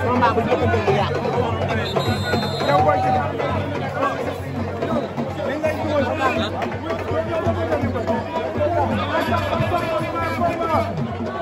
combat bu njëkk bi mu yàqu. Thank you.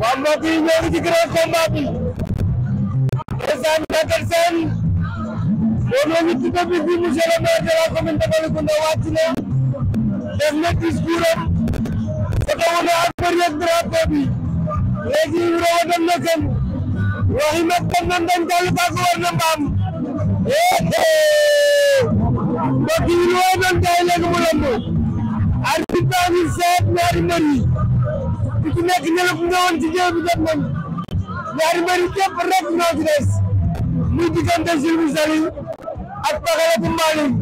waaw mbokk yi ñoo ngi ci grand combat bi ndeysaan Bakel Sène moom la ñu tudde bi fii monsieur le maire de la commune de Malicounda wàcc na def na discours am fotowu na ak bërieg drapeau bi léegi rowa dem na kën waxi mag dem na ndañ kàllu bàgg war na mbaam nan tay léegi mu lamb arbitre bi seet ñaari mbër yi ku ci nekk ñëlëb nga nañ ñaari mbëri képp rek ñoo ci des muy diggante ak Pakala Malick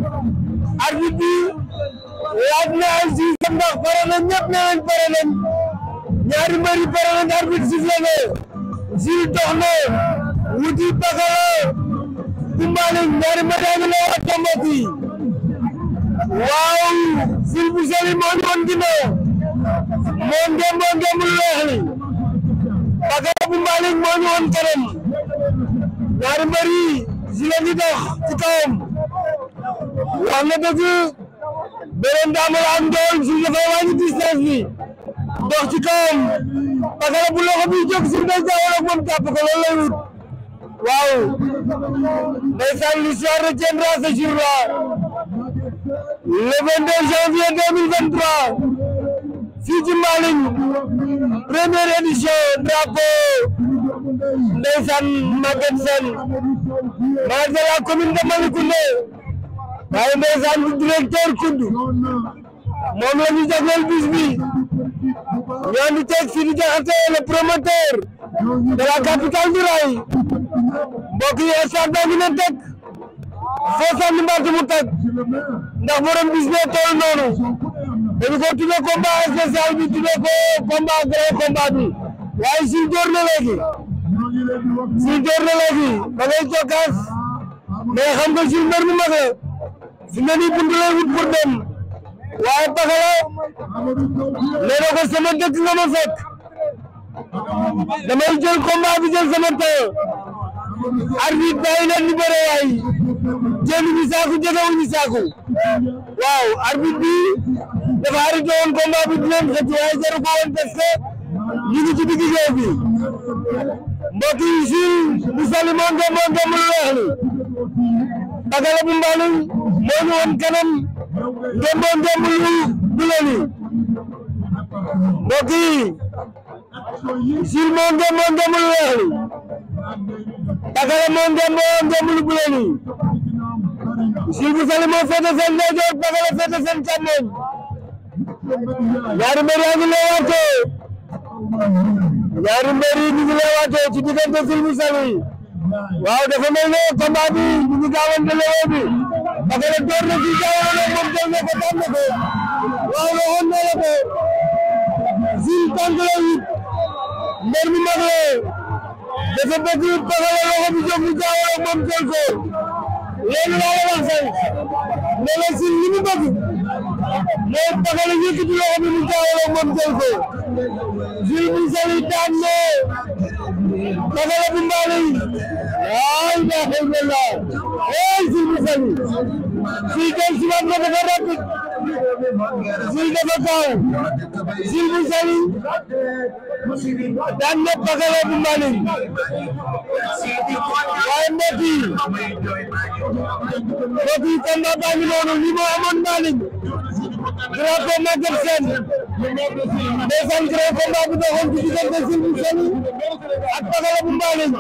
arbitre bi laaj na ay juge ndax pare nañ ñëpp ñaari mbëri pare nañ arbitre sifflé na Jules dox na ñaari mbëri yaa ngi lay waaw Jules Saly moo ngeen moo ngeen mu weex li Pakala bu Malick moo ñu woon kanam ñaari mbër yi si la ñu dox ci kawam wax nga dëgg beneen daama la am doon suuf dafay wàññi distance bi dox ci kawam Pakala bu loxo bi jóg si mbéy jaawal ak moom tàpp ko loolu lay wut waaw ndeysaan l'histoire retiendra ce jour-là le 22 janvier fii ci Mbaling première édition drapeau ndeysaan Maguette Sène maire de la commune de Malicounda waaye ndeysaan di directeur Kound moom la ñu jagleel bis bi ñoo ñu di jaxate le promoteur de la du rail mbokk yi stade baa ngi ne teg foo sànni mbaatu mu teg ndax noonu. dañu ko tuddee combat spécial bi tuddee ko combat grand combat bi waaye si door na léegi si door na léegi da ngay jokkaas mais xam nga si mbir mi mag la fi mu ne wut pour dem waaye Pakala nee na ko sama dëkk nga ma fekk damay jël combat bi jël sama taw arbitre bàyyi leen ni bëre waay jëluñu saako jëgewuñu saako waaw arbitre bi. dafa arrêté woon combat bi di leen xëcc waaye jaru ko woon parce que ñu ngi ci digg géew bi mbokk yi bu Saly moo ngi moo ngi mu weex li Pakala bu woon kanam ngemboo ngemb lu bule li mbokk yi Jules moo ngi lu bule li Jules bu Saly moo féete seen ndeyjoor Pakala féete seen càmmoñ ñaari mbër yaa ngi leewaatee ñaari mbër yi ci diggante Silmi Sali waaw dafa mel ne combat ci jaawale moom jël na ko ko waaw waxoon na la ko wut mbër mi mag la dafa bëgg pagala loxo bi jóg mu jaawale loolu laa la wax tey Ndéla Sine li mu bëgg mooy Pakala yëkkati loo xam mu jaawaloo moom jël ko Jules bu sori daan na Pakala bu mbaale yi waaw daa xëy na laa hey Jules bu sori fii si waat na dafa rapide zil dafa gaaw zil bu sori daan na pakala bu mbanin waaye mbokk yi mbokk yi combat baa ngi noonu li moo amoon mbanin drapeau Maguette Sène ndeysaan grand combat bu doxoon ci diggante zil bu sori ak pakala bu mbanin